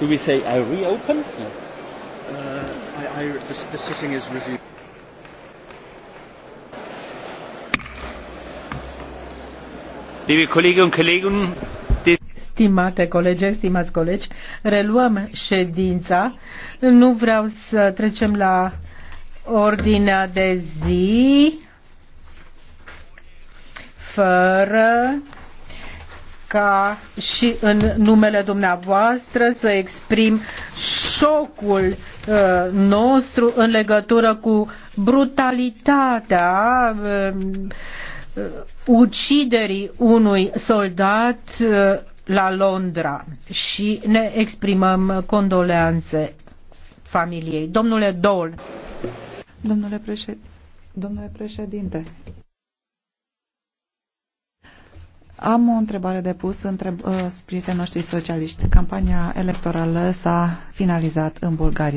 Do we say I reopen? No. Uh, I, I, the, the sitting is resumed. Liebe Kolleginnen und Kollegen, Stimate colege, stimați colegi, reluăm ședința. Nu vreau să trecem la ordinea de zi fără ca și în numele dumneavoastră să exprim șocul uh, nostru în legătură cu brutalitatea uh, uciderii unui soldat uh, la Londra și ne exprimăm condoleanțe familiei. Domnule Dol. Domnule, președinte. Domnule președinte, am o întrebare de pus între uh, prietenii noștri socialiști. Campania electorală s-a finalizat în Bulgaria.